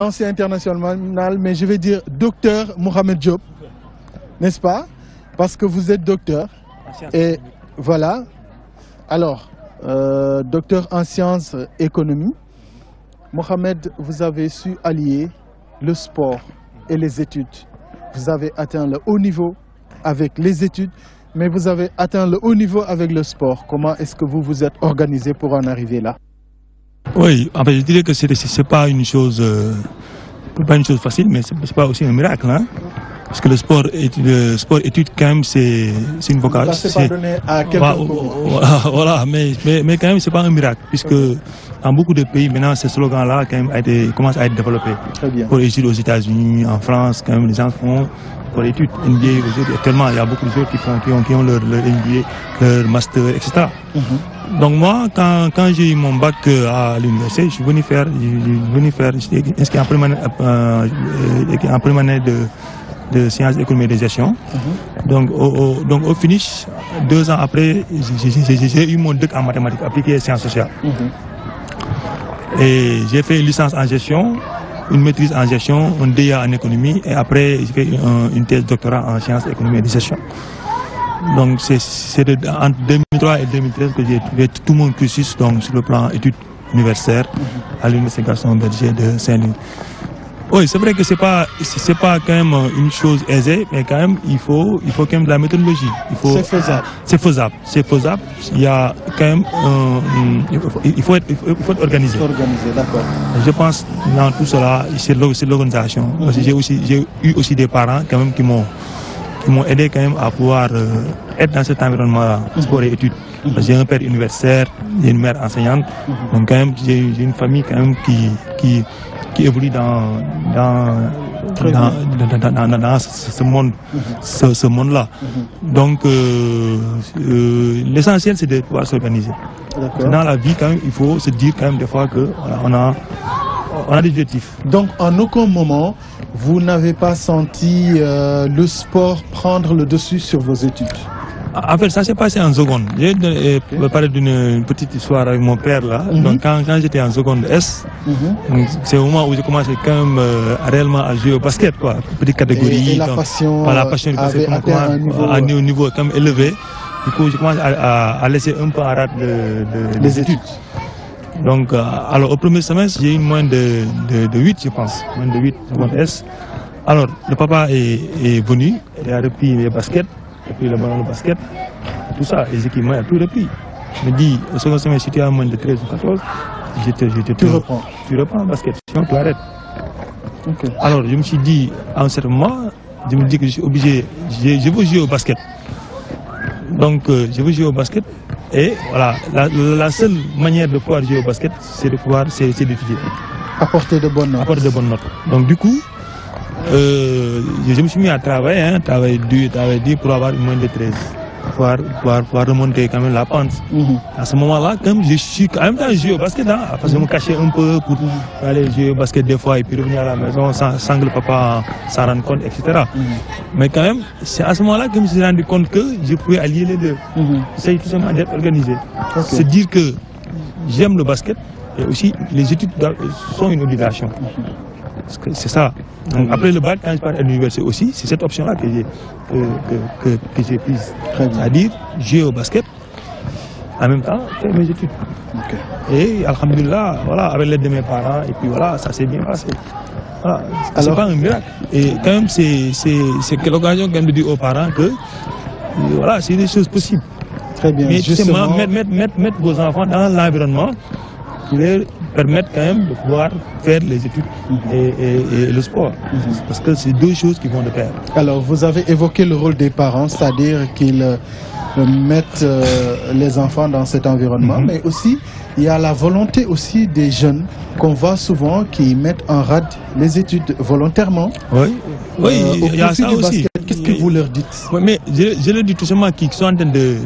ancien international, mais je vais dire docteur Mohamed Job n'est-ce pas Parce que vous êtes docteur. Et voilà. Alors, euh, docteur en sciences économie, Mohamed, vous avez su allier le sport et les études. Vous avez atteint le haut niveau avec les études, mais vous avez atteint le haut niveau avec le sport. Comment est-ce que vous vous êtes organisé pour en arriver là oui, en fait, je dirais que ce n'est pas une chose euh, pas une chose facile, mais ce n'est pas aussi un miracle. Hein? Parce que le sport, le sport étude, quand même, c'est une vocation. c'est à Voilà, voilà, mais, mais, quand même, ce n'est pas un miracle, puisque dans beaucoup de pays, maintenant, ce slogan-là commence à être développé. Très bien. Pour études aux États-Unis, en France, quand même, les gens font pour l'étude NBA. Actuellement, il y a beaucoup de gens qui, font, qui ont, leur, NBA, leur master, etc. Donc moi, quand, quand j'ai eu mon bac euh, à l'université, je suis venu faire, je, suis faire, j'étais inscrit en première, année euh, euh, de, de sciences économiques et de gestion. Mhm. donc, au, donc au finish, deux ans après, j'ai eu mon doc e en mathématiques appliquées et sciences sociales. Mhm. Et j'ai fait une licence en gestion, une maîtrise en gestion, un DA e en économie et après j'ai fait une, thèse doctorat en sciences économiques et de gestion. Donc c'est entre 2003 et 2013 que j'ai trouvé tout mon cursus donc, sur le plan études universitaires à l'Université Garçon Berger de Saint-Louis. Oui, c'est vrai que ce n'est pas quand même une chose aisée, mais quand même il faut il faut quand même de la méthodologie. C'est faisable. Ah, c'est faisable. C'est faisable. Il faut être, il être organisé. d'accord. Je pense dans tout cela c'est l'organisation. j'ai j'ai eu aussi des parents quand même qui m'ont qui m'ont aidé quand même à pouvoir euh, être dans cet environnement-là, sport et études. J'ai un père universitaire, j'ai une mère enseignante, donc quand même j'ai une famille quand même qui, qui, évolue dans, ce monde, ce, monde-là. Donc, euh, euh, l'essentiel, c'est de pouvoir s'organiser. Dans la vie, quand même, il faut se dire quand même des fois que on a donc en aucun moment, vous n'avez pas senti euh, le sport prendre le dessus sur vos études ah, en fait, ça s'est passé en seconde. J'ai euh, parlé d'une petite histoire avec mon père là. Mhm. Donc quand, j'étais en seconde S, mhm. c'est au moment où j'ai commencé quand euh, réellement à jouer au basket quoi, petite catégorie. la passion, la passion du basket, à un niveau, élevé. Du coup, j'ai commencé à, laisser un peu à rate les des études. Donc, euh, alors au premier semestre, j'ai eu moins de, de, de, 8, je pense, moins de 8, moins de S. Alors, le papa est, venu, il a repris les baskets, il a repris le ballon de basket, tout ça, les équipements, il a tout repris. Il me dit, au second semestre, si tu as moins de 13 ou 14, je te, je tu, reprends. tu reprends le basket, sinon tu arrêtes. Alors, je me suis dit, en ce moment, je me dis que je suis obligé, je, je veux jouer au basket. Donc, euh, je veux jouer au basket, et voilà, la, seule manière de pouvoir jouer au basket, c'est de pouvoir, c'est Apporter de bonnes notes. Apporter de bonnes notes. Donc du coup, euh, je me suis mis à travailler, hein, travailler dur, travailler dur pour avoir moins de 13 pouvoir, remonter um um e quand même la pente. À ce moment-là, comme je suis quand même dans le jeu au basket, parce que je me cachais un peu pour aller jouer au basket des fois et puis revenir à la maison sans, que le papa s'en rende compte, etc. Mais quand même, c'est à ce moment-là que je me suis rendu compte que je pouvais allier les deux. C'est tout simplement d'être organisé. C'est dire que j'aime le basket et aussi les études sont une obligation. Mmh. C'est ça. après le bac, quand je pars à l'université aussi, c'est cette option-là que j'ai que, que, que prise. C'est-à-dire, j'ai au basket, en même temps, faire mes études. Et Alhamdulillah, voilà, avec l'aide de mes parents, et puis voilà, ça s'est bien passé. Voilà, c'est pas un miracle. Et quand même, c'est l'occasion quand de dire aux parents que voilà, c'est des choses possibles. Très bien. Mais justement... mettre, mettre, mettre vos enfants dans l'environnement permettre quand même de pouvoir faire les études et, le sport. Mhm. Parce que c'est deux choses qui vont de pair. Alors, vous avez évoqué le rôle des parents, c'est-à-dire qu'ils euh, mettent euh, les enfants dans cet environnement, mhm. mais aussi il y a la volonté aussi des jeunes qu'on voit souvent qui mettent en rade les études volontairement. Oui, oui euh, il y a ça aussi. Qu'est-ce que vous leur dites oui, mais je, le leur dis tout simplement qu'ils sont en train de,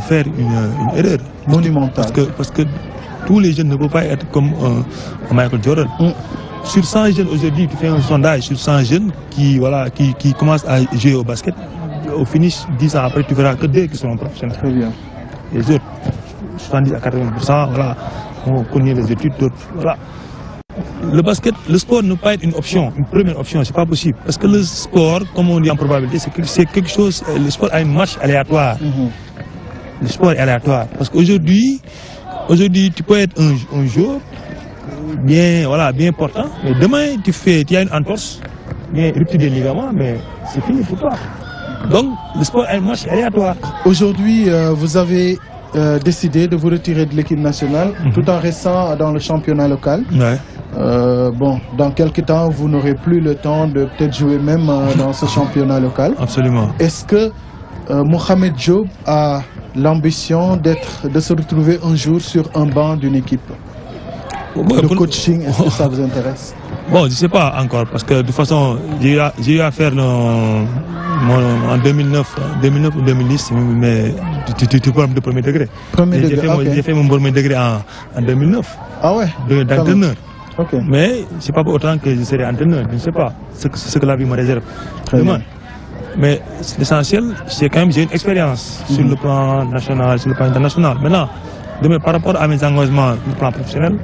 faire une, une erreur. Monumentale. Parce que, parce que tous les jeunes ne peuvent pas être comme euh, Michael Jordan. Mm. Sur 100 jeunes aujourd'hui, tu fais un sondage sur 100 jeunes qui, voilà, qui, qui commencent à jouer au basket. Au finish, 10 ans après, tu verras que deux qui seront professionnels. Très Les autres, 70 à 80%, voilà, on connaît les études, d'autres, Le basket, le sport ne peut pas être une option, une première option, c'est pas possible. Parce que le sport, comme on dit en probabilité, c'est quelque chose, le sport a une marche aléatoire. Mm-hmm. Le sport est aléatoire. Parce qu'aujourd'hui, Aujourd'hui, tu peux être un, jour bien, voilà, bien important, mais demain, tu fais, tu as une entorse, bien rupture des ligaments, mais c'est fini pour toi. Donc, le sport, elle à toi. Aujourd'hui, euh, vous avez euh, décidé de vous retirer de l'équipe nationale mhm. tout en restant dans le championnat local. Euh, bon, dans quelques temps, vous n'aurez plus le temps de peut-être jouer même dans ce championnat local. Absolument. Est-ce que euh, Mohamed Job a l'ambition d'être, de se retrouver un jour sur un banc d'une équipe. Le coaching, est-ce que ça vous intéresse Bon, je ne sais pas encore, parce que de toute façon, j'ai eu à faire en 2009, 2009 ou 2010, mais tu, parles de premier degré. J'ai fait, mon premier degré en, 2009. Ah ouais D'entraîneur. Mais ce n'est pas autant que je serai entraîneur, je ne sais pas ce, ce que la vie me réserve. Mais l'essentiel, c'est quand même j'ai une expérience sur le plan national, sur le plan international. Maintenant, par rapport à mes engagements, sur le plan professionnel,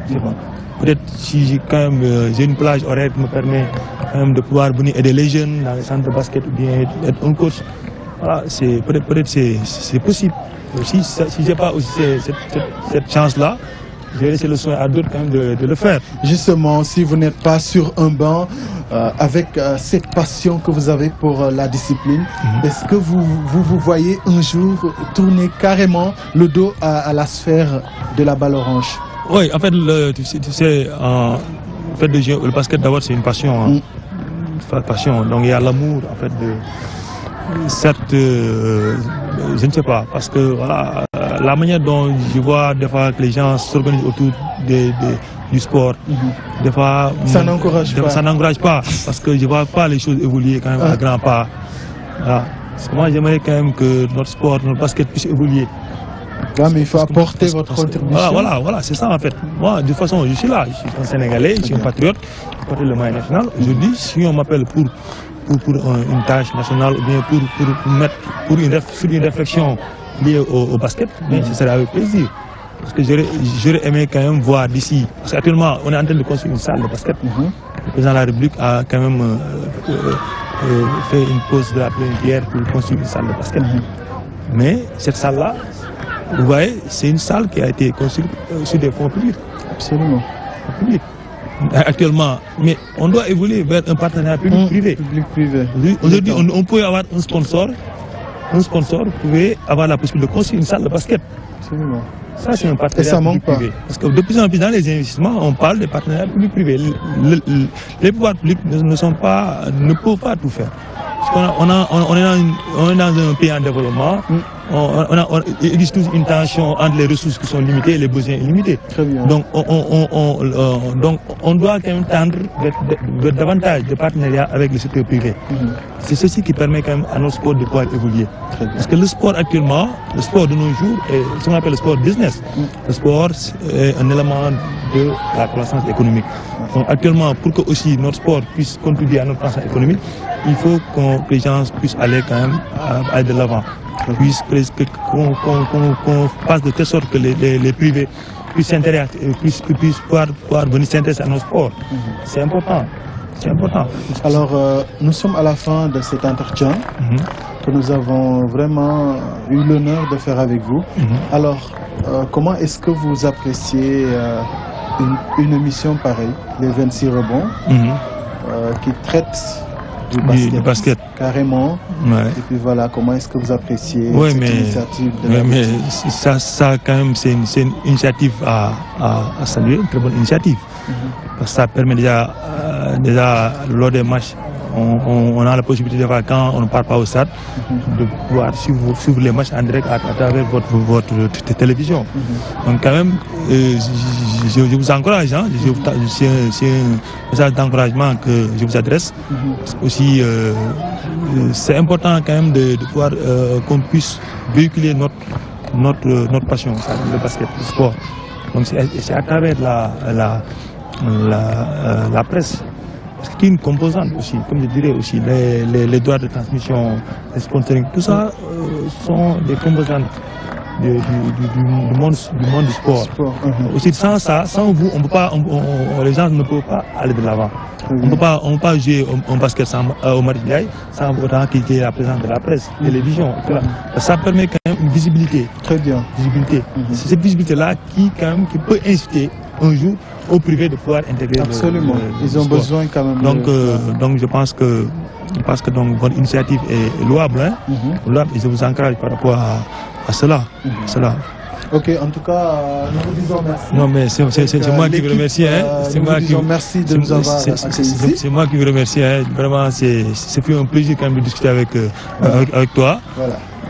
Peut-être si j'ai quand même euh, une plage horaire qui me permet de pouvoir venir aider les jeunes dans les centres de basket ou bien être un coach. peut-être peut c'est possible. Si, si j'ai pas aussi cette chance là, j'ai laissé le soin à d'autres quand hein, de, le faire. Justement, si vous n'êtes pas sur un banc, euh, avec euh, cette passion que vous avez pour euh, la discipline, mhm. est-ce que vous, vous, vous voyez un jour tourner carrément le dos à, à la sphère de la balle orange Oui, en fait, le, tu sais, en fait, le, basket d'abord, c'est une passion. Hein. Mm. passion. Donc, il y a l'amour, en fait, de cette... Euh, je ne sais pas, parce que voilà la manière dont je vois des fois que les gens s'organisent autour du sport, mhm. des fois, mm, ça n'encourage pas. parce que je ne vois pas les choses évoluer quand même à ah. grands pas. Moi, j'aimerais quand même que notre sport, notre basket puisse évoluer. Ah, il faut apporter votre contribution. Voilà, voilà, c'est ça en fait. Moi, de toute façon, je suis là, je suis un Sénégalais, je suis un patriote, je suis le moyen national. Aujourd'hui, si on m'appelle pour, pour, une tâche nationale ou bien pour, mettre, pour une réflexion lié au, basket, mais ce serait avec plaisir. Parce que j'aurais aimé quand même voir d'ici. Parce qu'actuellement, on est en train de construire une salle de basket. Mhm. Le président de la République a quand même euh, euh, euh, fait une pause de la plénière pour construire une salle de basket. Mhm. Mais cette salle-là, vous voyez, c'est une salle qui a été construite sur des fonds publics. Absolument. Actuellement, mais on doit évoluer vers un partenariat public-privé. public-privé. Aujourd'hui, on, on peut avoir un sponsor un sponsor pouvait avoir la possibilité de construire une salle de basket. Absolument. Ça, c'est un partenariat public-privé. Parce que de plus en plus dans les investissements, on parle de partenaires public-privé. les pouvoirs publics ne, sont pas, ne peuvent pas tout faire. on, est dans un pays en développement. Mm on, il existe une tension entre les ressources qui sont limitées et les besoins illimités. Donc, on, euh, donc, on doit quand même tendre davantage de partenariats avec le secteur privé. Mhm. C'est ceci qui permet quand même à nos sports de pouvoir évoluer. Parce que le sport actuellement, le sport de nos jours, est ce qu'on appelle le sport business. Mhm. Le sport est un élément de la croissance économique. Donc, actuellement, pour que aussi notre sport puisse contribuer à notre croissance économique, il faut qu'on que les gens puissent aller quand même à, de l'avant, qu'on passe de telle sorte que les, les, privés puissent s'intéresser, puissent, puissent pouvoir, venir s'intéresser à nos sports. Mhm. C'est important. Alors, euh, nous sommes à la fin de cet entretien mhm. que nous avons vraiment eu l'honneur de faire avec vous. Mhm. Alors, euh, comment est-ce que vous appréciez euh, une, une, émission pareille, les 26 rebonds, qui traite du basket. Carrément. Et puis voilà, comment est-ce que vous appréciez ouais, mais, de mais, mais ça, ça, quand même, c'est une, une, initiative à, à, saluer, une très bonne initiative. Mhm. Parce que ça permet déjà, euh, déjà lors des matchs, on, a la possibilité de vacances, quand on ne part pas au stade, de pouvoir suivre, les matchs en direct à, travers votre, télévision. Donc quand même, euh, je, vous encourage, hein. c'est un message d'encouragement que je vous adresse. Aussi, euh, euh, c'est important quand même de, de pouvoir qu'on puisse véhiculer notre, passion, le basket, le sport. Donc c'est à travers la presse c'est une composante aussi, comme je dirais aussi, les, les, droits de transmission, les sponsoring, tout ça euh, sont des composantes du, monde, du monde du sport. Uh-huh. Aussi, sans ça, sans vous, on peut pas, les gens ne peuvent pas aller de l'avant. On ne peut pas, jouer au basket sans, euh, au sans autant qu'il y ait la présence de la presse, télévision, la Ça permet quand même une visibilité. Très bien. Visibilité. Mhm. C'est cette visibilité-là qui, quand même, qui peut inciter un jour au privé de pouvoir intégrer Absolument. ils ont besoin quand même. Donc, euh, donc je pense que, je pense que donc, votre initiative est louable, hein? Mhm. je vous encourage par rapport à, cela. Mhm. cela. Ok, en tout cas, euh, nous vous disons merci. Non, mais c'est moi qui vous remercie. Hein. Euh, c'est moi qui merci de C'est moi qui vous remercie. Hein. Vraiment, c'est un plaisir quand même de discuter avec, avec, toi.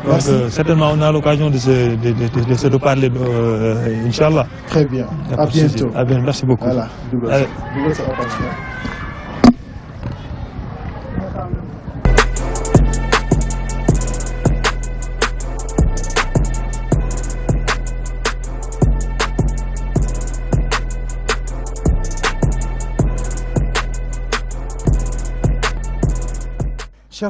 Donc, euh, certainement, on a l'occasion de, se, de, de, de se reparler, euh, Inch'Allah. Très bien. À bientôt. à bientôt. Merci beaucoup. Voilà.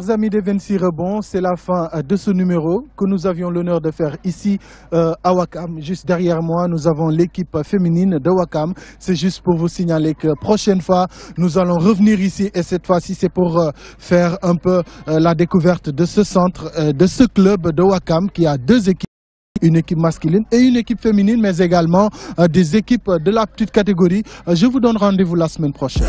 Chers amis des 26 rebonds, c'est la fin euh, de ce numéro que nous avions l'honneur de faire ici euh, à Wakam. Juste derrière moi, nous avons l'équipe féminine de Wakam. C'est juste pour vous signaler que prochaine fois, nous allons revenir ici et cette fois-ci, c'est pour euh, faire un peu la découverte de ce centre, de ce club de Wakam qui a deux équipes une équipe masculine et une équipe féminine, mais également des équipes de la petite catégorie. je vous donne rendez-vous la semaine prochaine.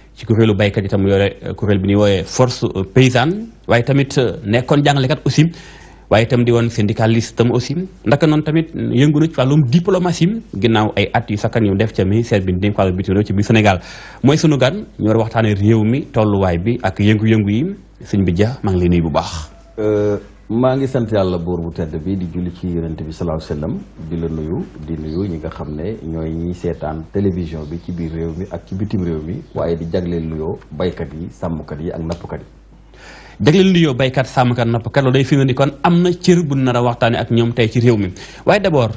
ci kuréelu baykat yi tam yore eh, kuréel bi ñuy woowee force paysan waaye tamit eh, nekkoon jàngalekat aussi waaye tam di woon syndicaliste tam aussi ndaka noonu tamit mm, yëngu na ci wàllum diplomatie ginnaaw ay at yu sakan yu def ca ministère bi dañ ko àll bitim réew ci biir Sénégal mooy sunu gan ñu war waxtaanee réew mi tolluwaay bi ak yëngu-yëngu yi sëñ bi ja maa ngi bu baax. Euh, maa ngi sant yàlla buur bu tedd bi di julli ci yonent bi salaahu sallam di la nuyu di nuyu ñi nga xam ne ñooy ñiy seetaan télévision bi ci biir réew mi ak ci bitim réew mi waaye di jagleel nuyoo baykat yi sàmmkat yi ak nappkat yi. jagleel nuyoo baykat sàmmkat nappkat day firnde am na cër bu nar a waxtaanee ak ñoom tey ci réew mi waaye d'abord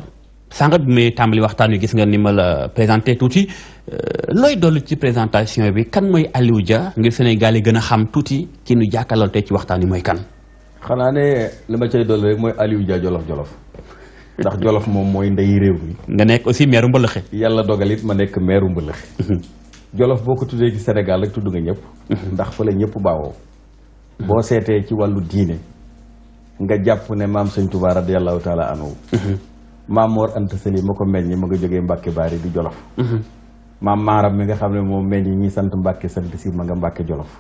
sànq bi may tàmbali waxtaan wi gis nga ni ma la présenté tuuti euh, looy dollu ci présentation bi kan mooy Aliou ja ngir Sénégal yi gën a xam tuuti ki nu jàkkaarloo tey ci waxtaan wi mooy kan. xanaa ne li ma cay dolli rek mooy Aliou Dia jolof jolof ndax jolof moom mooy ndey réew mi. nga nekk aussi meeru mbëlëxe. yàlla dogal it ma nekk meeru mbëlëxe. Mhm. jolof boo ko tuddee ci senegal rek tudd nga ñëpp. Mhm. ndax fële ñëpp baawoo. boo seetee ci wàllu diine nga jàpp ne maam sëñ Tuubaa radiyallaahu taala anhu. Mhm. maam Mor Anta Sali ma ko meññ ma nga jógee Mbàkke Baari di jolof. maam Maaram mi nga xam ne moom meññ ñi sant Mbàkke sant si ma nga Mbàkke jolof.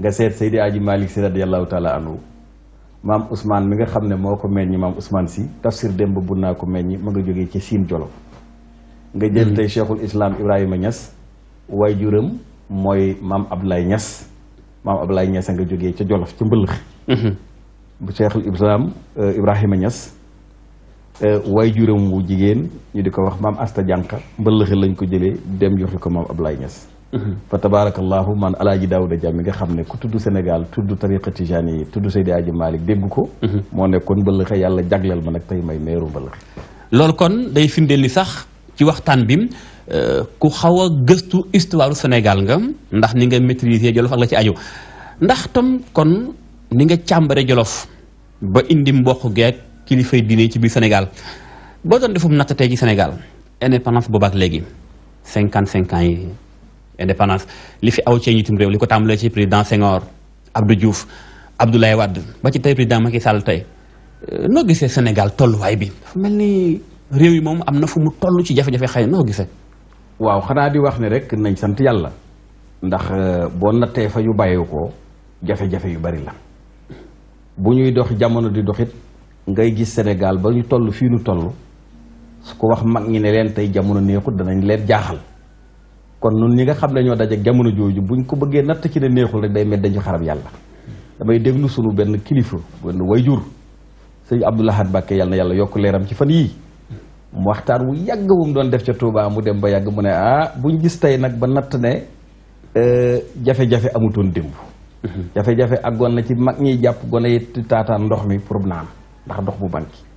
nga seet Seydi Aji Malick si radiyallaahu taala anhu. maam Ousmane mi nga xam ne moo ko meññi maam Ousmane si tafsir démb bu naa ko meññi ma nga jógee ci Siin Jolof nga jël hmm. tey cheikhul islam Ibrahima Niass waay juram mooy maam Abdoulaye Niass maam Abdoulaye Niass nga jógee ca Jolof ca mbëlëx hmm. bu cheikhul islam euh, Ibrahima Niass euh, waay juram wu jigéen ñu di ko wax maam Asta Jànka mbëlëx lañ ko jëlee dem joxe ko maam Abdoulaye Niass fa tabaarakallahu man alaaji daawuda jàm mi nga xam ne ku tudd sénégal tudd tariqa tijaani yi tudd seydi aji malik dégg ko mhm. moo nekkoon mbëlëxe yàlla jagleel ma nag tey may meeru mbëlëxe lool kon day firndeel ni sax ci waxtaan bi euh, ku xaw a gëstu histoire senegal nga ndax ni nga maîtriser jolof ak la ci aju ndax tam kon ni nga càmbare jolof ba indi mboq geeg kilifay diine ci biir sénégal boo doon defum natt tey ci sénégal indépendance boobaak léegi cinquante cinq yi indépendance li fi aw ci njiitum réew li ko tàmbalee ci président Senghor Abdou Diouf Abdoulaye Wade ba ci tey président Macky Sall tey euh, noo gisee Sénégal tolluwaay bi dafa mel ni réew yi moom am na fu mu toll ci jafe-jafe xëy noo gisee. waaw xanaa di wax ne rek nañ sant yàlla ndax euh, boo nattee fa ñu bàyyi ko jafe-jafe yu bari la bu ñuy dox jamono di doxit ngay gis Sénégal ba ñu toll fii nu toll su ko wax mag ñi ne leen tey jamono neexut danañ leen kon nun ñi nga xam ne ñoo daje jamono jooju buñ ko bëggee natt ci ne neexul rek day mel dañu xarab yàlla damay déglu sunu benn kilifa benn wayjur sëñ Abdou Lahad Mbacké yàlla yàlla yokk leeram ci fan yii mu waxtaan wu yàgg wu mu doon def ca Touba mu dem ba yàgg mu ne ah ñu gis tey nag ba natt ne euh, jafe-jafe amutoon démb mhm. jafe-jafe ak gon na ci mag ñi jàpp gone yi taataan ndox mi pour naan ndax ndox mu banki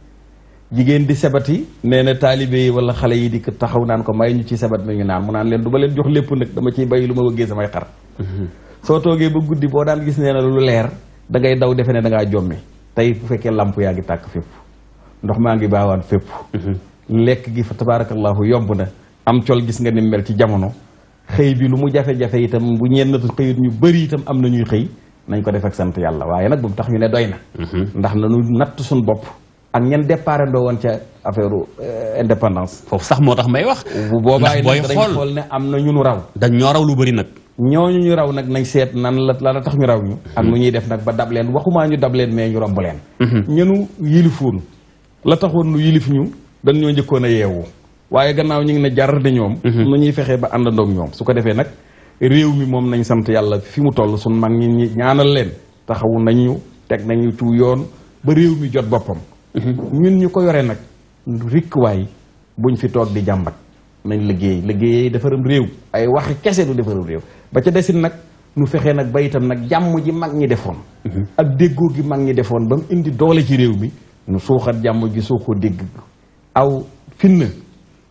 Jigen di sebati neena talibe yi wala xale yi dik taxaw nan ko may ñu ci sabat mi ngi naan mu naan len du ma leen jox lepp nak dama ci bay luma ma wëggee samay xar mhm. so toge bu guddii bo daan gis neena lu leer da ngay daw defene da nga jommi tay fu fekke lampu yaagi tak fepp ndox maa ngi baawaan fépp mhm. gi fa tabarakallah yombuna am ciol gis nga ni mel ci jamono xey bi lu mu jafé jafé itam bu ñennatul xëyut ñu bari itam am na ñuy nañ ko def ak sante yalla waye nak bu tax ñu ne doyna mhm. ndax nañu nat suñ bop ak ñan départ ndoo woon ca affaire euh, indépendance. foofu sax moo tax may wax. bu boobaa yi nag dañu xool ne am na ñu nu raw. dañ ñoo raw lu bëri nag. ñoo ñu raw nag nañ seet nan la la tax ñu raw ñu. ak nu hmm. ñuy def nag ba dab leen waxumaa ñu dab leen mais ñu romb leen. Hmm. ñenu yilifoon la taxoon nu yilif ñu dañ ñoo njëkkoon a yeewu. waaye gannaaw ñu ngi ne jar de ñoom. Hmm. nu ñuy fexee ba àndandoog ñoom su ko defee nag réew mi moom nañ sant yàlla fi mu toll suñ mag ñi ñaanal leen taxawu nañ ñu teg nañ ñu ci yoon ba réew mi jot boppam Mm-hmm. ñun ñu ko yore nag rikkuwaay buñ fi toog di jàmbat nañ liggéey liggéey defaram réew ay waxi kese du defaram réew ba ca desin nag nu fexe nag ba itam nag jàmm ji mag ñi defoon mm-hmm. ak déggoo gi mag ñi defoon ba indi doole ci réew mi nu suuxat jàmm ji soo ko dégg aw finn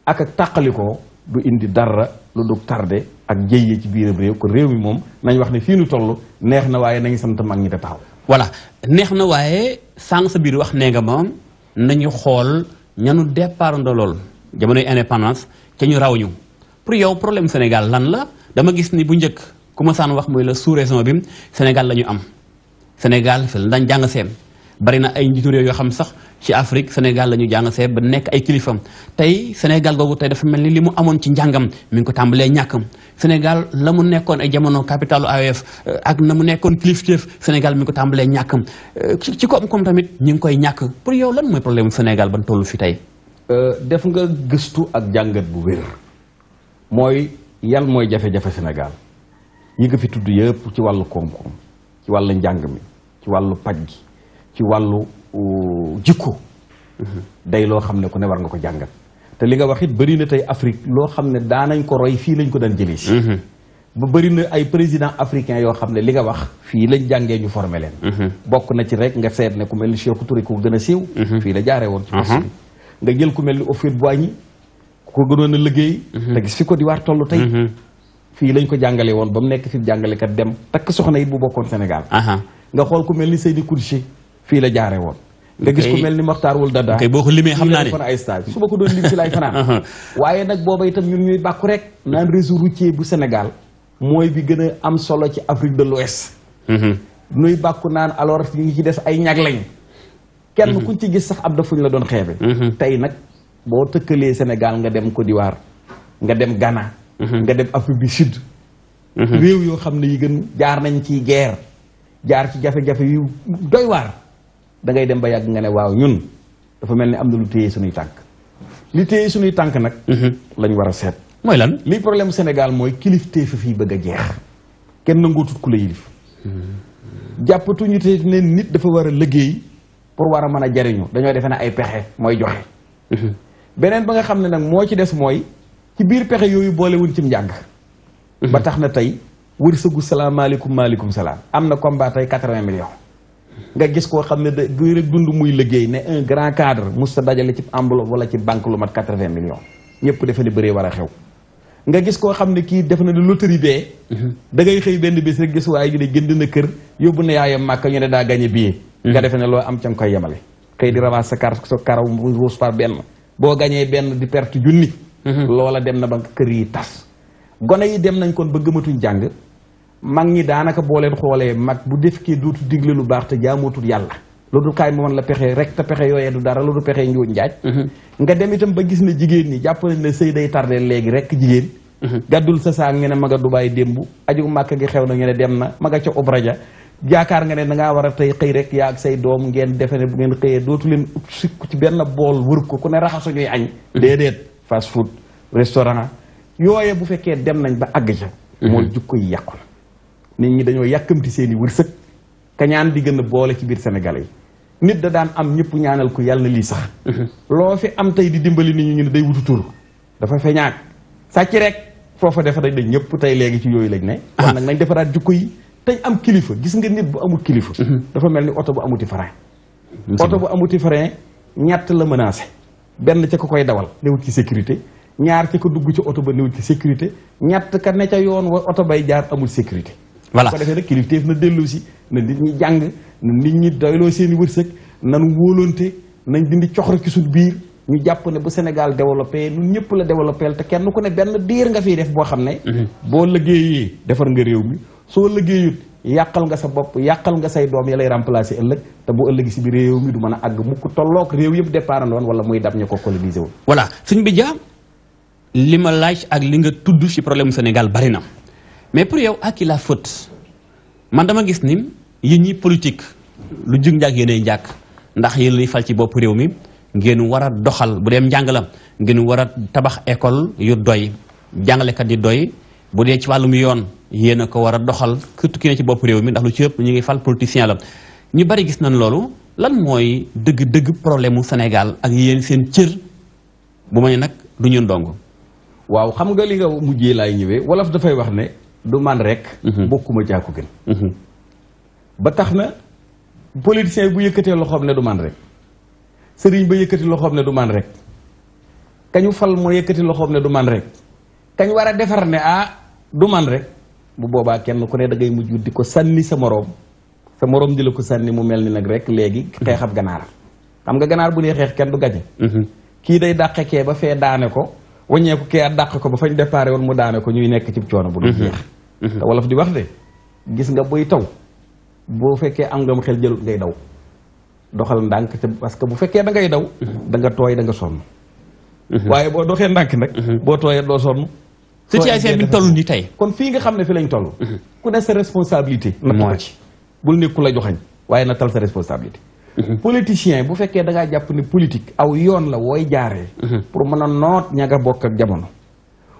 ak ak tàqalikoo du indi dara lu du tardé ak jëyee ci biiram réew kon réew mi moom nañ wax ne fii nu toll neex na waaye nañ sant mag ñi te taxaw voilà neex na waaye sànq biir wax nee nga moom nañu xool ñanu départ ndolool jamonoy indépendance ca ñu raw ñu pour yow problème Sénégal lan la dama gis ni bu njëkk ku ma wax mooy la sous-région bi Sénégal la ñu am Sénégal fi dañ jàng seen bari ay njiitu réew xam sax ci Afrique Sénégal la ñu jàng see ba nekk ay kilifam tey Sénégal googu tey dafa mel ni li mu amoon ci njàngam mi ngi ko tàmbalee ñàkk Sénégal la mu nekkoon a jamono capitalu AOF euh, ak na mu nekkoon kilifteef Sénégal mi ngi ko tàmbalee ñàkk euh, ci koom-koom tamit ñu ngi koy ñàkk pour yow lan mooy problème senegal ban tollu fi tey. Euh, def nga gëstu ak jàngat bu wér mooy yal mooy jafe-jafe Sénégal yi fi tudd yëpp ci wàllu koom-koom ci wàllu njàng mi ci wàllu paj ci wàllu. jikko day loo xam ne ku ne war nga ko jàngat te li nga wax it bëri na tey Afrique loo xam ne daanañ ko roy fii lañ ko daan jëlee si mhm. ba bëri na ay président africain yoo xam ne li nga wax fii lañ jàngee ñu formé leen mhm. bokk na ci rek nga seet ne ku mel ni Sékou Touré ko gën mhm. fii la jaaree woon ci poste bi nga jël ku mel ni Houphouët-Boigny ko gënoon a liggéey te gis di waar toll tey fii lañ ko jàngale woon ba mu nekk fi jàngalekat dem takk soxna it bu bokkoon Sénégal nga fii la jaare woon nga gis ku mel ni Mokhtar wul Dada kay boo ko limee xam naa ne ay stage su ma ko doon lim si laay fanaan uh-huh. waaye nag booba itam ñun ñuy bàkku rek naan réseau routier bu Sénégal mooy bi gën a am solo ci Afrique de l'Ouest uh-huh. nuy bàkku naan alors ñu ngi ci des ay ñag lañ kenn uh-huh. kuñ ci gis sax ab dafuñ la doon xeebe tey nag boo tëkkalee Sénégal nga dem Côte d'Ivoire nga dem gana nga dem Afrique du Sud réew yoo xam ne yi gën jaar nañ ci guerre jaar ci jafe-jafe yu doy waar da ngay dem ba yàgg nga ne waaw ñun dafa mel ni am na lu téye suñuy tànk li téye suñuy tànk nag. Mhm. lañ war a seet. mooy lan lii problème Sénégal mooy kilifteef fi fii bëgg a jeex kenn nangootut ku la yilif mhm. jàppatuñu te ne nit dafa war a liggéey pour war a mën a jariñu dañoo defe ne ay pexe mooy joxe. Mhm. beneen ba nga xam ne nag moo ci des mooy ci biir pexe yooyu boolewuñ ci njàng. ba tax na tey wërsëgu salaamaaleykum maaleykum salaam am na combat tey quatre-vingts millions. nga gis koo xam ne da rek dund muy liggéey ne un grand cadre mu sa dajale ci enveloppe wala ci banque lu mat quatre vingt millions ñëpp defe ne bëree war a xew nga gis koo xam ne kii def na ne loterie bee mhm. dangay ngay xëy benn bis rek gis waaye ñu ne gënd na kër yóbbu na yaayam màkk ñu ne daa gagné billet mhm. nga defe ne loo am ca nga koy yemale xëy di ramas sa kar sa karaw ruus par benn boo gañee benn di perte junni mhm. loola dem na ba kër yi tas gone yi dem nañ kon ba gëmatuñ jàng mag ñi daanaka boo leen xoolee mag bu def kii dootu digle lu baax te jaamootul yàlla lu dul kaay mu la pexe rek pexe yooyee du dara lu dul pexe njuuñ njaaj mhm. nga dem itam ba gis ne jigéen ñi jàpp nañ ne sëy day tardé léegi rek jigéen mhm. gàddul sa saag nga ne ma nga Dubaay démb aju màkk gi xew na nga ne dem na ma nga ca obraja yaakaar nga ne da ngaa war tey xëy rek yaa say doom ngeen defe ne bu ngeen xëyee dootu leen sikku ci benn bool wër ko ku ne raxasu ñuy añ mhm. déedéet fast food restaurant yooye bu fekkee dem nañ ba àgg ca mooy jukko yi yàqu na nit ñi dañoo yàkkamti seeni wërsëg kañaan di gën boole ci biir senegal yi nit da daan am ñëpp ñaanal ko yàlla na lii sax mhm. loo fi am tey di dimbali nit ñu ne day wutu tur dafa feñaak sàcc rek foofa defa dañ ñëpp tey léegi ci yooyu lañ ne ah. kon nag nañ defaraat jukko yi tey am kilifa gis nga nit bu amul kilifa mhm. dafa mel ni oto bu amuti frein mhm. oto bu amuti frein ñett la menacé benn ca ko koy dawal newut ci sécurité ñaar ca ko dugg ci oto ba newut ci sécurité ñett ka ne yoon wa oto bay jaar amul sécurité voilà ko defee nag kilifteef na dellu si na nit ñi jàng na nit ñi doyloo seen i wërsëg nan wóolonte nañ dindi coxor ci suñ biir ñu jàpp ne bu Sénégal développé ñëpp la développé te kenn ku ne benn diir nga def boo xam ne. Mhm. boo liggéeyee defar nga réew mi soo liggéeyut yàqal nga sa bopp yàqal nga say doom ya lay remplacer ëllëg te bu ëllëg si bi réew mi du mën a àgg mukk tolloog réew yëpp départ woon wala muy dab ñu ko colonisé woon. voilà suñ bi ja li ma laaj ak li nga tudd si problème Sénégal bari na. mais pour yow ak la faute man dama gis ni yéen ñi politique lu jug njàkk yéenay jak ndax yeen lay fal ci bop rew mi ngeen wara doxal bu dem jangalam ngeen wara tabax école yu doy kat di doy bu de ci wàllum yoon yeen ko wara doxal surtout ki ne ci bop rew mi ndax lu ci ep ñi ngi fal politicien la ñu bari gis nañ lolu lan moy deug deug problème Sénégal ak yeen seen cieur bu ma nak du ñun dongo waaw xam nga li nga lay ñëwé da fay wax du man rek. Mhm. bokkuma caa ko gën. Mhm. ba tax na politicien bu yëkkatee loxoom ne du man rek sëriñ ba yëkkati loxoom ne du man rek moo yëkkati loxoom ne du man kañ war a defar ne ah du man rek bu boobaa kenn ku ne da mu mujj di ko sànni sa moroom sa moroom di la ko sànni mu mel ni nag rek léegi xeex ab a xam nga ganaar bu ne xeex kenn du gañe mhm. kii day dàqe kee ba fee daane ko waññeeku kee a dàq ko ba fañ déparé woon mu daane ko ñuy nekk ci coono bu dul jeex ta wolof di wax de gis nga buy taw bo fekke am nga xel jëlut ngay daw doxal ndank te parce que bu fekke da ngay daw mhm. da mhm. mhm. nga toy da nga son waye bo doxé ndank nak bo toy do son situation bi tollu ni tay kon fi nga xamne fi lañ tollu ku ne sa responsabilité natt ko ci bul ne ku la joxañ waaye na tal sa responsabilité politicien bu fekke da nga japp ni politique aw yoon la wooy jaaree pour meuna note ñaga bokk ak jamono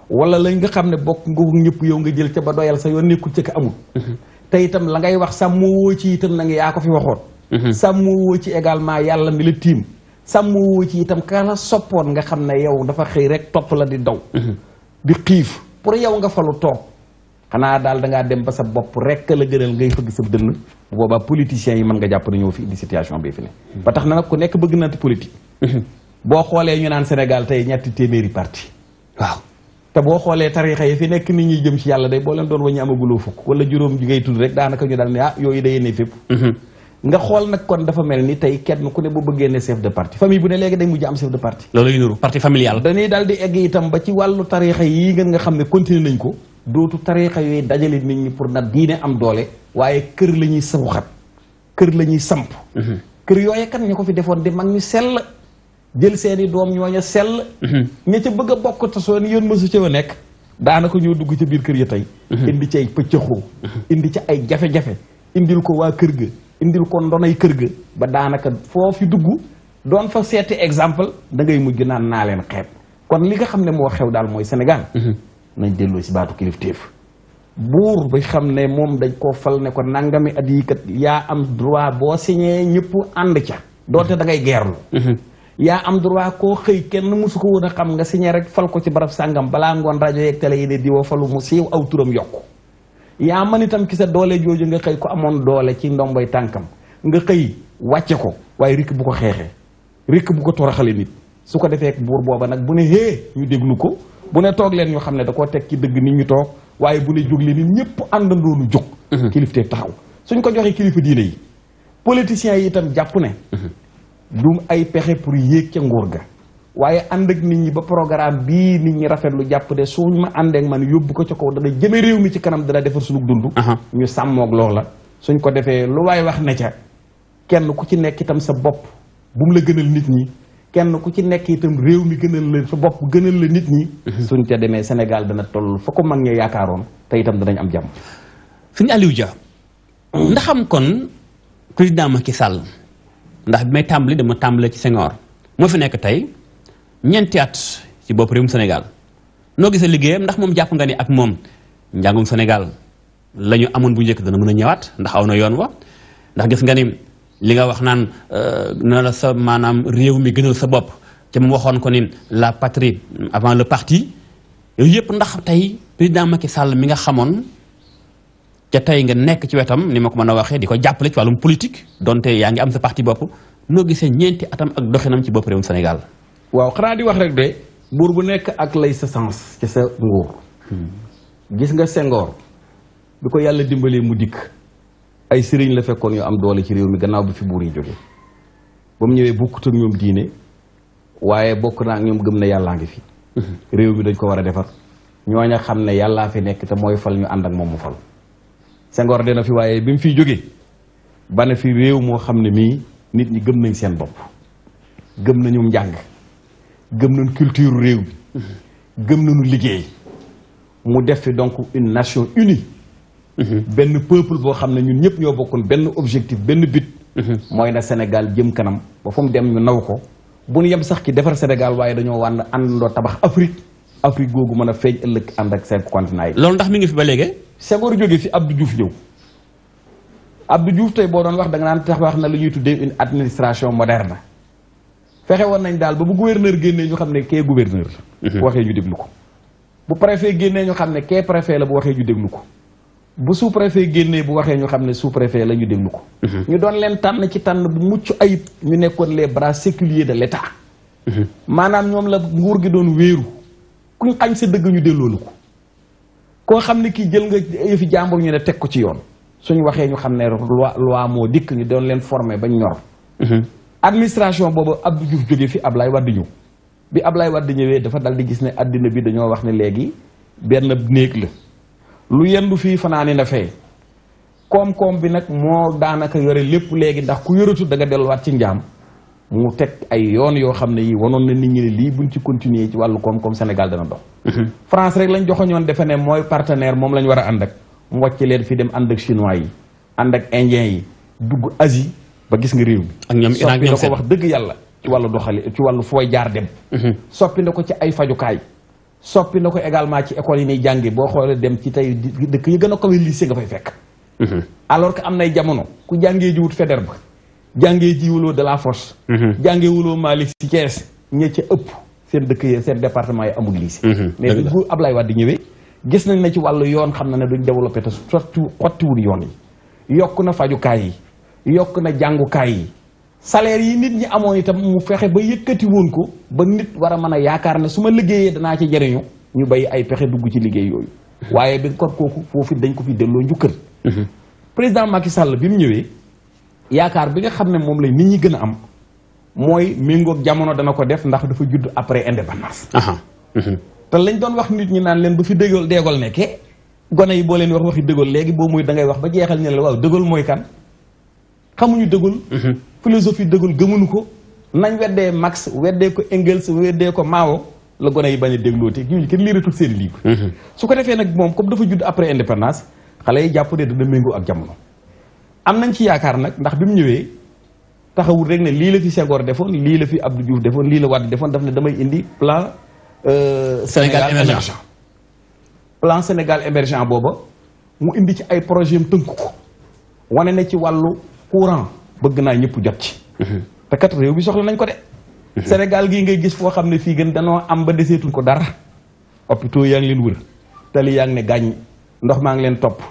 wala lañ nga xam ne bokk nga ñëpp yow nga jël ca ba doyal sa yoon nekkul ca ka amul mhm. te itam la ngay wax sàmmoo ci itam na nga yaa ko fi waxoon mhm. sàmmoo ci également yàlla mi la tiim sàmmoo ci itam kala soppoon nga xam ne yow dafa xëy rek topp la di daw mhm. di xiif pour yow nga falu toog xanaa daal da dem ba sa bopp rek la gënal ngay fëgg sa dënn bu boobaa politiciens yi mën nga jàpp ne ñoo fi indi situation bi fi ne ba tax na nag ku nekk bëgg na politique boo xoolee ñu naan Sénégal tey ñetti téeméeri parti waaw te boo xoolee tarixa yi fi nekk nit ñuy jëm ci yàlla day boo leen doon wañu amaguloo fukk wala juróom ji tudd rek daanaka ñu daal ne ah, mm-hmm. daal di egg itam ba ci wàllu tarixa yi ngeen nga xam ne continué nañ ko dootu tarixa yooyu dajale nit pour na diine am doole waaye kër la ñuy kër la samp mm-hmm. kër yooye kan ñu ko fi defoon di mag ñu sell jël seeni doom ñooña sell mhm. ña ca bëgg a bokk te soo yéen mësu ca nekk daanaka ñoo dugg ca biir kër gi tey mhm. indi ci ay pëccëxoo mhm. indi ca ay jafe-jafe indil ko waa kër ga indil ko ndonay kër ga ba daanaka foofu dugg doon fa seeti exemple da ngay mujj naan naa leen xeeb kon li nga xam ne moo xew daal mooy Sénégal nañ delloo si baatu kilifteef buur bi xam ne moom dañ koo fal ne ko nangami at yi kat yaa am droit boo signé ñëpp ànd ca doote da ngay geerlu yaa am droit koo xëy kenn mosu ko woon a xam nga signé rek fal ko ci barab sàngam balaa ngoon rajo yeeg télé yi ne di woo falu mu siiw aw turam yokku yaa man itam ki sa doole jooju nga xëy ko amoon doole ci ndomboy tànkam nga xëy wàcce ko waaye rikk bu ko xeexee rikk bu ko toraxale nit su ko defee buur booba nag bu ne hee ñu déglu ko bu ne toog leen ñu xam ne da koo teg ci dëgg nit ñu toog waaye bu ne jóg leen nit ñëpp àndandoonu jóg kilifteef taxaw suñ ko joxee kilifa diine yi politiciens yi itam jàpp ne dum ay pexé pour yéeg ci ngor ga waaye and ak nit ñi ba programme bi nit ñi rafetlu japp de suñu ma ak man yobbu ko ci ko dana jëme réew mi ci kanam dana défar suñu dundu ñu sàmmoog loola suñ ko défé lu way wax na ca kenn ku ci nekk itam sa bop bu mu la gënal nit ñi kenn ku ci nekk itam réew mi gënal la sa bop gënal la nit ñi mhm. suñ ca démé Sénégal dana toll fa ko mag ñe yaakaaroon te itam danañ am jàmm sëñ Aliou Dia ndaxam kon président Macky Sall ndax bi may tàmbali dama tàmbalee ci Senghor moo fi nekk tey ñeenti at ci bopp réewum Sénégal noo gisee liggéeyam ndax moom jàpp nga ni ak moom njàngum Sénégal lañu amoon bu njëkk dana mën a ñëwaat ndax aw na yoon wa ndax gis nga ni li nga wax naan euh, na la sa maanaam réew mi gënal sa bopp te mu waxoon ko ni la patrie avant le parti yooyu yëpp ndax tey président Macky Sall mi nga xamoon ca tey nga nekk ci wetam ni ma ko mën a waxee ci wàllum politique donte yaa am sa parti bopp noo gisee ñeenti atam ak doxinam ci bopp réewum Sénégal. waaw xanaa di wax rek de buur bu nekk ak lay sa sens ci sa nguur. Hmm. gis nga ko yàlla mu dikk ay sëriñ la am doole ci réew mi gannaaw bi fi buur yi jógee ba mu ñëwee bokkut ak ñoom diine waaye bokk naa ak ñoom gëm na yàllaa ngi fi. Hmm. réew mi dañ ko defar ñooña xam fi nek te mooy fal ñu ànd ak moom mu fal. de dina fi waaye bi mu fi jógee ba ne fi réew moo xam ne mii nit ñi gëm nañ seen bopp gëm nañu njàng gëm nañ culture réew bi gëm nañu liggéey mu def fi donc une nation unie benn peuple boo xam ne ñun ñëpp ñoo bokkoon benn objectif benn but mooy na senegal jëm kanam ba fu mu dem ñu naw ko bu ñu yem sax ki defar senegal waaye dañoo wànn àndandoo tabax Afrique Afrique googu mën a feeñ ëllëg ànd ak seen continent yi Senghor jóge fi Abdou Diouf ñëw Abdou Diouf tey boo doon wax da nga naan wax na lu ñuy tuddee une administration moderne fexe woon nañ daal ba bu gouverneur génnee ñu xam ne kee gouverneur la. bu mhm. waxee ñu déglu ko. bu préfet génnee ñu xam ne kee préfet la bu waxee ñu déglu ko bu sous préfet génnee bu waxee ñu xam ne sous préfet la ñu déglu ko. Mhm. ñu doon leen tànn ci tànn bu mucc ayib ñu nekkoon les bras séculiers de l' état. Mhm. maanaam ñoom la nguur gi doon wéeru ku xañ sa dëgg ñu delloo la ko. koo xam ne kii jël nga yëfi jàmbur ñu ne teg ko ci yoon suñu waxee ñu xam ne loi loi moo dikk ñu doon leen formé bañ ñor. Mhm. administration boobu Abdou Diouf jógee fi Ablaye Wade ñëw bi Ablaye Wade ñëwee dafa dal di gis ne addina bi dañoo wax ne léegi benn néeg la lu yendu fii fanaani na fee koom-koom bi nag moo daanaka yore lépp léegi ndax ku yoratul danga delluwaat ci njaam. mu teg ay yoon yoo xam ne yi wanoon na nit ñi ne lii buñ ci continuer ci wàllu koom-koom Sénégal dana dox mhm. France rek lañ joxoñoon defe ne mooy partenaire moom lañ war a ànd ak mu wàcce leen fi dem ànd ak chinois yi ànd ak indien yi dugg Asie ba gis nga réew mi ak ñoom Iran soppi na ko wax dëgg yàlla ci wàllu doxali ci wàllu fooy jaar dem mhm. soppi na ko ci ay fajukaay soppi na ko également ci école yi niy jàngi boo xoolee dem ci tey dëkk yi gën a kawe nga fay fekk mhm. alors que am nay jamono ku jàngee jiwut feder ba jàngee jiwuloo de la force mhm. jàngee wuloo Malick si Thiès ña ca ëpp seen dëkk yi seen département yi amul lycée mhm. mais bu Ablaye di ñëwee gis nañ na ci wàllu yoon xam na ne duñ développé te surtout xottiwul yoon yi yokk na fajukaay yi yokk na jàngukaay yi salaire yi nit ñi amoon itam mu fexe ba yëkkati woon ko ba nit war a mën a yaakaar ne su ma liggéeyee danaa ci jëriñu ñu bay ay pexe dugg ci liggéey yooyu mhm. waaye bi nga kor kooku foofu dañ ko fi delloo njukkal président Macky Sall bi mu ñëwee yaakaar bi nga xam ne moom lay nit ñi gën a am mooy méngook jamono dana ko def ndax dafa judd après indépendance. Mhm. te lañ doon wax nit ñi naan leen bu fi dégol déegol nekkee gone yi boo leen wax waxi dégol léegi boo muy da ngay wax ba jeexal ñu ne la waaw dégol mooy kan xamuñu dégol. Mhm. philosophie dégol gëmuñu ko nañ weddee Marx weddee ko Engels weddee ko Mao la gone yi bañ a dégloote kii kenn liiratul seen livre. Mhm. su ko defee nag moom comme dafa judd après indépendance xale yi jàpp ne dana méngoo ak jamono. am nañ ci yaakaar nag ndax bi mu ñëwee taxawul rek ne lii la fi Senghor defoon lii la fi Abdou Diouf defoon lii la Wade defoon daf ne damay indi plan euh, Sénégal émergent plan Sénégal émergent booba mu indi ci ay projet mu tënk ko wane na ci wàllu courant bëgg naa ñëpp jot ci mhm. te kat réew bi soxla nañ ko de mhm. Sénégal gii ngay gis foo xam ne fii gën danoo am ba deseetuñ ko dara hôpitaux yaa ngi leen wër tali ne gàññ ndox maa ngi leen topp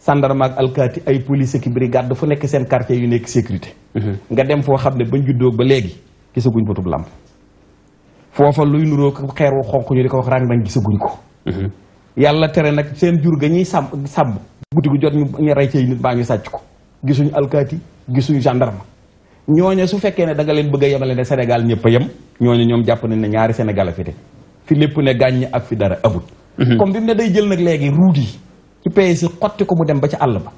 sandarma ak alkaati ay police ak brigade dafa nekk seen quartier yu nekk sécurité. Mhm. nga dem foo xam ne bañ juddoo ba léegi gisaguñ ko tub làmp. foofa luy nuroo xeer wu xonq ñu di ko wax rang bañ gisaguñ ko. Mhm. yàlla tere nag seen jur ga ñuy sàmb sàmm. guddi gu jot ñu rey ci nit baa ñu sàcc ko gisuñu alkaati gisuñu gendarme ñooñu su fekkee ne da leen bëgg a yemale ne Sénégal ñëpp a yem ñooñu ñoom jàpp nañ ne ñaari Sénégal fi te fi lépp ne gàññ ak fi dar amul. Mhm. IPS xotti ko mu dem ba ca àll ba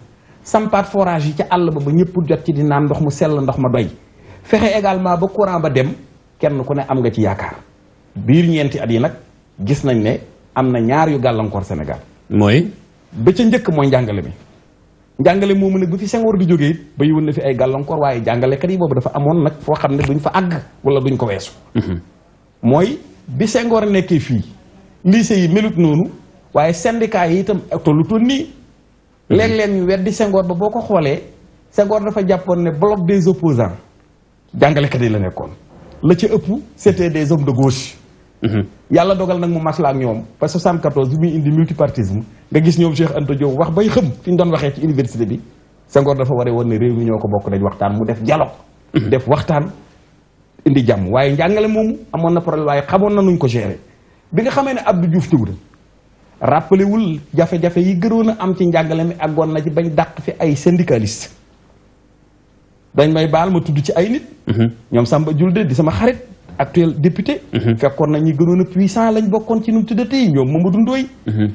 sampaat forage yi ca àll ba ba ñëpp jot ci di naan ndox mu sell ndox ma doy fexe également ba courant ba dem kenn ku ne am nga ci yaakaar biir ñeenti at yi nag gis nañ ne am na ñaar yu gàllankoor Sénégal. mooy. ba ca njëkk mooy njàngale mi njàngale moomu nag bu fi Senghor di jógee ba ba yónn na fi ay gàllankoor waaye jàngalekat yi boobu dafa amoon nag foo xam ne duñ fa àgg wala duñ ko weesu. Mhm. mooy bi Senghor nekkee waaye syndicat yi itam ak tollutoon nii mhm. léeg-léeg ñu weddi sengoor ba boo ko xoolee Senghor dafa jàppoon ne bloc des opposants jàngalekat yi la nekkoon la ci ëpp c'était des hommes de gauche mhm. yàlla dogal nag mu masla ak ñoom ba 74 bi muy indi multipartisme nga gis ñoom Cheikh Anta Diop wax bay xëm fi ñu doon waxee ci université bi Senghor dafa waree woon ne réew mi ñoo ko bokk dañ waxtaan mu def dialogue mhm. def waxtaan indi jàmm waaye njàngale moomu amoon na problème waaye xamoon na nuñ ko gérer bi nga xamee ne Abdou Diouf ñëw rappelé wul jafe-jafe yi gënoon a am ci njàngale mi àggoon na ci bañ dàq fi ay syndicaliste dañ may baal ma tudd ci ay nit. Mhm. ñoom Samba Julde di sama xarit actuel député. Mhm. fekkoon na ñi gënoon a puissant lañ bokkoon ci nu mu tuddatee ñoom moom Mamadou Ndoye. Mhm.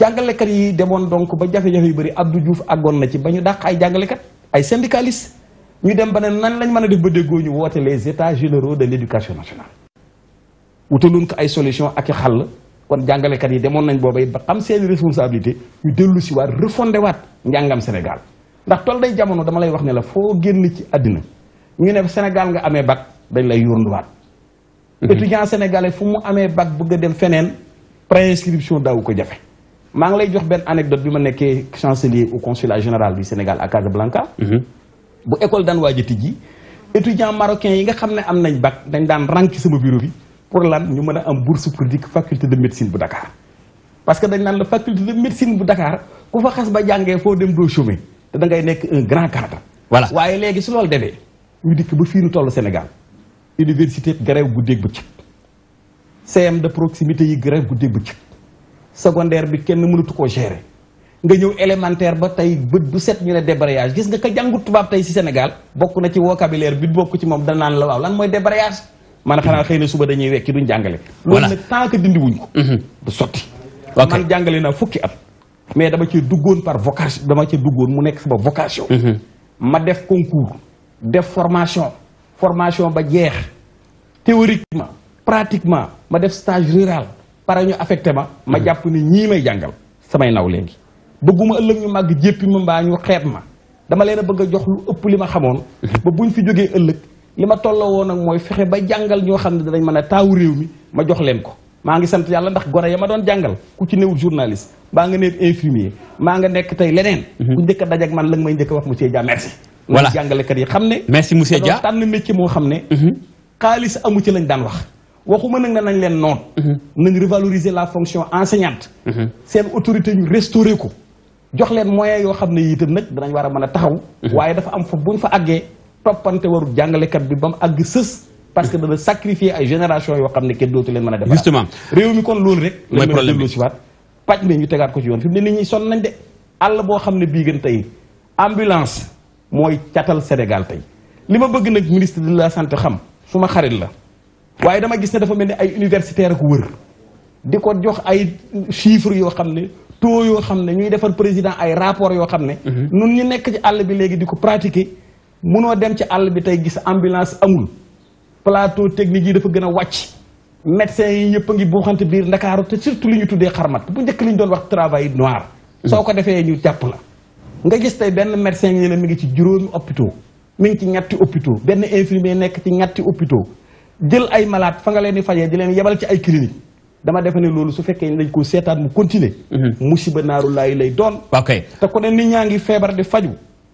jàngalekat yi demoon donc ba jafe-jafe yu bëri Abdou Diouf àggoon na ci ba ñu dàq ay jàngalekat ay syndicaliste ñu dem ba ne nan lañ mën a def ba déggoo ñu woote les états généraux de l' éducation nationale. wutaloon ay solution ak i xàll. kon jàngalekat yi demoon nañ booba it ba xam seeni responsabilité ñu dellu si waat refondé waat njàngam Sénégal ndax toll day jamono dama lay wax ne la foo génn ci àddina ñu ne Sénégal nga amee bac dañ lay yóornduwaat mhm. étudiant sénégalais fu mu amee bac bëgg a dem feneen préinscription daawu ko jafe maa ngi lay jox benn anecdote bi ma nekkee chancelier au consulat général bi Sénégal à Casablanca mhm. bu école daan waaj a tijji étudiant marocain yi nga xam ne am nañ bac dañ daan rànk sama bureau bi pour lan ñu mën a am bourse pour dikk faculté de médecine bu Dakar parce que dañ naan la faculté de médecine bu Dakar ku fa xas ba jàngee foo dem doo chômer te da ngay nekk un grand cadre. waaye léegi su loolu demee ñu dikk ba fii nu toll Sénégal université grève guddeeg bëccëg CM de proximité yi grève guddeeg bëccëg secondaire bi kenn mënatu koo gérer nga ñëw élémentaire ba tey bët bu set ñu ne débrayage gis nga ka jàngu tubaab tey si Sénégal bokk na ci woo vocabulaire bi bokk ci moom danaan la waaw lan mooy débrayage. maanaam xanaa xëy na suba dañuy wekki duñ jàngale loolu nag tant que dindi wuñ ko mhm. du sotti man jàngale naa fukki at mais dama ci duggoon par vocation dama ci duggoon mu nekk sama vocation mhm. ma def concours def formation formation ba jeex ma pratiquement ma def stage rural pare ñu affecté ma ma mhm. jàpp ni ñii may jàngal samay naw léegi bëgguma ëllëg ñu màgg jéppi ma mbaa ñu xeeb ma dama leen bëgg a jox lu ëpp li ma xamoon ba buñ fi jógee ëllëg li ma tolloo woon nag mooy fexe ba jàngal ñoo xam ne danañ mën a taawu réew mi ma jox leen ko maa ngi sant yàlla ndax gore ya ma doon jàngal ku ci newul journaliste maa nga nekk infirmier maa nga nekk tey leneen mhm. ku njëkk a dajak man la nga may njëkk a wax monsieur Dia merci voilà jàngalekat yi xam ne merci monsieur Dia tànn métier moo xam ne mhm. xaalis amu ci lañ daan wax waxuma nag na nañ leen noon mhm. nañ revaloriser la fonction enseignante seen autorité ñu restaurer ko jox leen moyens yoo xam ne yii itam nag danañ war a mën a taxaw waaye dafa am foofu bu ñu toppante warul jàngalekat bi ba mu sës. parce que dana sacrifier ay génération yoo xam ne kenn dootu leen mën a defaraat. justement réew mi kon loolu rek. mooy problème bi si waat ambulance mooy catal Sénégal tey li ma bëgg nag ministre de la santé xam suma ma xarit la waaye dama gis ne dafa mel ni ay universitaire ak wër di ko jox ay chiffres yoo xam ne taux yoo xam ne ñuy defar président ay rapport yoo xam ne. Mm-hmm. nun ñu nekk ci àll bi léegi di ko pratiquer. munoo dem ci àll bi tey gis ambulance amul plateau technique yi dafa gën a wàcc médecins yi ñëpp a ngi buuxante biir ndakaaru te surtout li ñu tuddee xarmat bu njëkk li ñu doon wax travail noir mm. soo ko defee ñu jàpp la nga gis tey benn médecin ñi la mi ngi ci juróomi hôpitaux mi ngi ci ñetti hôpitaux benn infirmier nekk ci ñetti hôpitaux jël ay malaat fa nga leen di fajee di leen yebal ci ay clinique dama defe ne loolu su fekkee dañ ko seetaan mu continuer mm-hmm. musiba naaru laay lay doon ok te ku ne nit ñaa ngi feebar di faju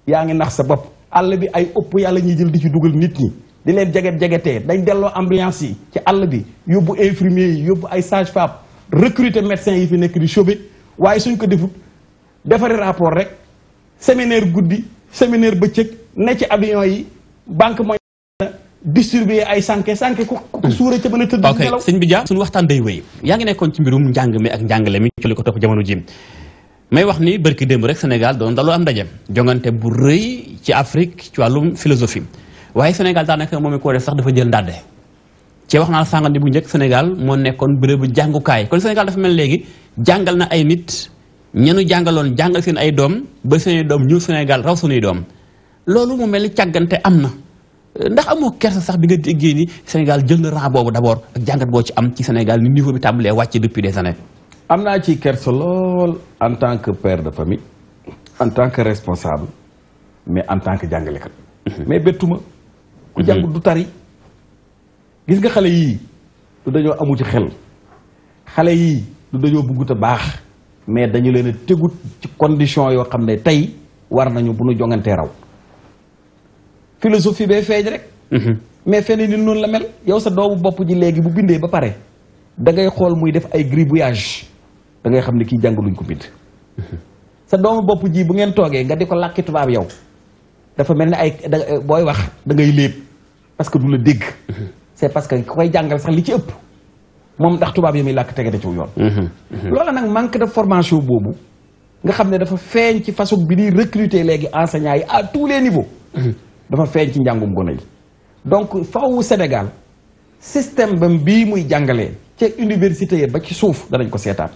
yaa ngi nax sa bopp àll bi ay ëpp yàlla ñuy jël di ci dugal nit ñi di leen jaget jagetee dañ delloo ambulance yi ci àll bi yóbbu infirmier yi yóbbu ay sage-femme recruter médecins yi fi nekk di chômer waaye suñ ko defut defari rapport rek séminaire guddi séminaire bëccëg ne ci avion yi banque mooy distribuer ay sànke sànke ku ku suuree ca mën a tëdd. ok sëñ bi Dia waxtaan day wéy. yaa ngi nekkoon ci mbirum njàng mi ak njàngale mi ci ko topp jamono jii. may wax ni barki dem rek senegal don dalu am dajem jongante bu reuy ci Afrique ci walum philosophie senegal da daanaka momi ko def sax dafa jël ndade ci wax naa sàngal bu njëkk Sénégal moo nekkoon bérébu jàngukaay kon senegal dafa mel legi jangal na ay nit ñenu jangalon jangal seen ay dom ba seen dom ñu senegal raw suñu dom lolu mu mel ciagante amna ndax amo kersa sax bi nga déggee ni senegal jël na rang bobu d'abord ak jangat bo ci am ci senegal ni niveau bi wacc depuis des années amna ci kersa lol en tant que père de famille en tant que responsable mais en tant que kat mhm. mais betuma ku mhm. jang du tari gis nga xalé yi du daño amu ci xel xalé yi du daño bëggut a baax mais dañu leen teggut ci condition yo xamné tay war nañu bu nu raw philosophie be fej rek mhm. mais fene ni non la mel yow sa doobu bop ji léegi bu bindé ba paré da ngay xol muy def ay gribouillage da ngay xam ne kii jàng luñ ko bind sa doomu bopp ji bu ngeen toogee nga di ko làkki tubaab yow dafa mel ni ay booy wax da ngay léeb parce que du la dégg c'est parce que ku koy jàngal sax li ci ëpp moom ndax tubaab yow muy làkk tege da ciw yoon loola nag manque de formation boobu nga xam ne dafa feeñ ci façon bi ñuy recruter léegi enseignants yi à tous les niveaux dafa feeñ ci njàngum gone yi donc faw Sénégal système bam bii muy jàngalee ca université ya ba ci suuf danañ ko seetaat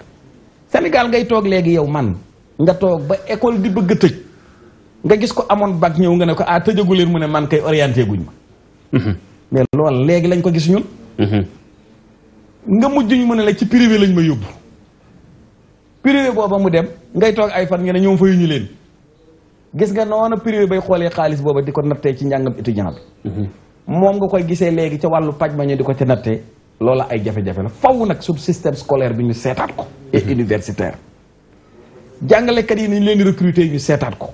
Sénégal ngay toog léegi yow man nga toog ba école di bëgg a tëj nga gis ko amoon bac ñëw nga ne ko ah tëjagu leen mu ne man kay orienté guñ ma. Mhm. mais loolu léegi lañ ko gis ñun. Mhm. nga mujj ñu mën a la ci privé lañ ma yóbbu. privé booba mu dem ngay toog ay fan nga ne ñoom ñu leen gis nga noonu privé bay xoolee xaalis booba di ko nattee ci njàngam étudiant bi. Mhm. moom nga koy gisee léegi ca wàllu paj ma ñu di ko ca nattee. loola ay jafe-jafe la faw nag su système scolaire bi ñu seetaat ko et mhm. universitaire jàngalekat yi nañ leen di recruter ñu seetaat ko